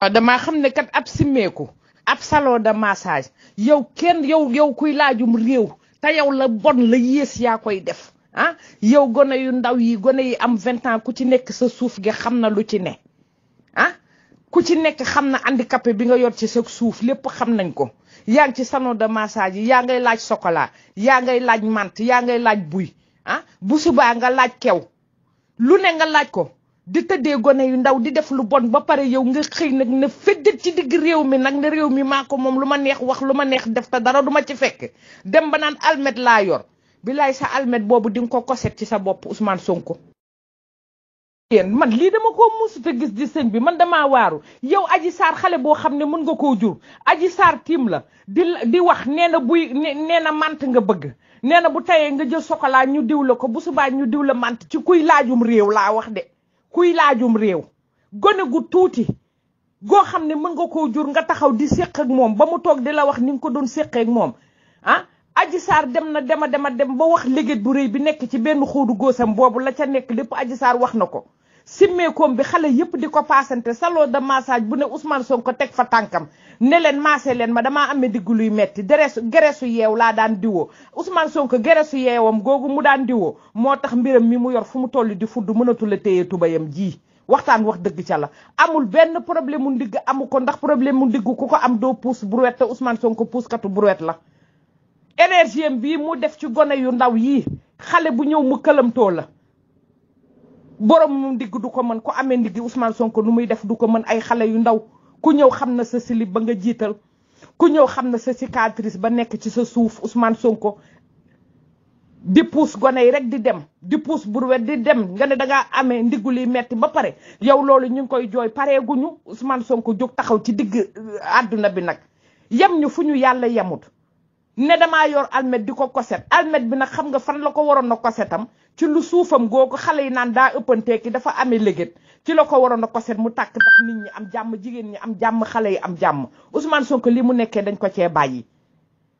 Ah, dama xam ne kat ab simmeeku ab salon de massage yow kenn yow yow kuy laajum réew te yow la bon la yées yaa koy def ah yow gone yu ndaw yi gone yi am vingt ans ku ci nekk sa suuf gi xam na lu ci ne ah ku ci nekk xam na handicapé bi nga yor ci sa suuf lépp xam nañ ko yaa ngi ci salon de massage yi yaa ngay laaj chocolat yaa ngay laaj mant yaa ngay laaj buy ah? bu subaa nga laaj kew lu ne nga laaj ko di tëddee gone yu ndaw di def lu bon ba pare yow nga xëy nag na fëddët ci digg réew mi nag ne réew mi maa ko moom lu ma neex wax lu ma neex def ta dara duma ma ci fekk dem ba naan almet laa yor bilaay sa almet boobu di nga ko koset ci sa bopp Ousmane Sonko. man lii dama ko musut a gis di sëñ bi man damaa waaru yow aji saar xale boo xam ne mën nga koo jur aji saar tiim la di wax neena na buy nee na mant nga bëgg nee na bu tayee nga jël sokolaa ñu diw la ko bu subaa ñu diw la mant ci kuy laajum réew laa wax de kuy laajum réew gone gu tuuti goo xam ne mën nga koo jur nga taxaw di séq moom ba mu toog di la wax ni nga ko doon séqee moom ah aji saar dem na dema dema dem ba wax léget bu rëy bi nekk ci benn xóodu góosam boobu la ca nekk lépp aji saar wax na ko simmeekoom bi xale yëpp di ko paasante salon de massage bu ne son ko teg fa tànkam ne leen maase leen ma damaa amee diggu luy metti deresu geresu yeew laa daan diwoo Ousmane Sonko geresu yeewam googu mu daan diwoo moo tax mbiram mi mu yor fu mu toll di fudd mënatul a téye tubayam jii waxtaan wax dëgg ca la amul benn problème mu ndigg amu ko ndax problème mu ndigg ku ko am doo puus brouette te ko Sonko katu brouette la énergie bi mu def ci gone yu ndaw yii xale bu ñëw mu këlamtoo la borom moom digg du ko mën ku amee ndiggi Ousmane Sonko nu muy def du ko mën ay xale yu ndaw ku ñëw xam na sa silib ba nga jiital ku ñëw xam na sa cicatrice ba nekk ci sa suuf Ousmane Sonko di puus gone yi rek di dem di puus burwet di dem nga ne da ngaa amee ndiggu liy metti ba pare yow loolu ñu ngi koy jooy pareegu ñu Ousmane Sonko jog taxaw ci digg euh, àdduna bi nag yem ñu fu ñu yàlla yemut ne damaa yor almet di ko koset almet bi nag xam nga fan la ko waroon na kosetam ci lu suufam googu xale yi naan daa ëppanteeki dafa amee léget ci la ko waroon a koset mu tàkk tax nit ñi am jàmm jigéen ñi am jàmm xale yi am jàmm Ousmane Sonko li mu nekkee dañ ko cee bàyyi.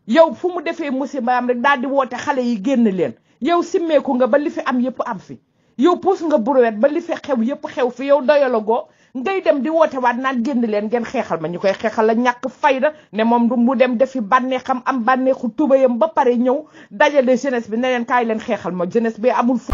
yow fu mu defee musibaam rek daal di woote xale yi génn leen yow simmeeku nga ba li fi am yëpp am fi yow puus nga brouette ba li fi xew yëpp xew fi yow doyalagoo ndey dem di woote waat naan génn leen ngeen xeexal ma ñu koy xeexal la ñàkk fayda ne moom mu dem defi bànneexam am bànneexu tubayam ba pare ñëw dajale jeunesse bi ne leen kaay leen xeexal ma jeunesse bi amul fu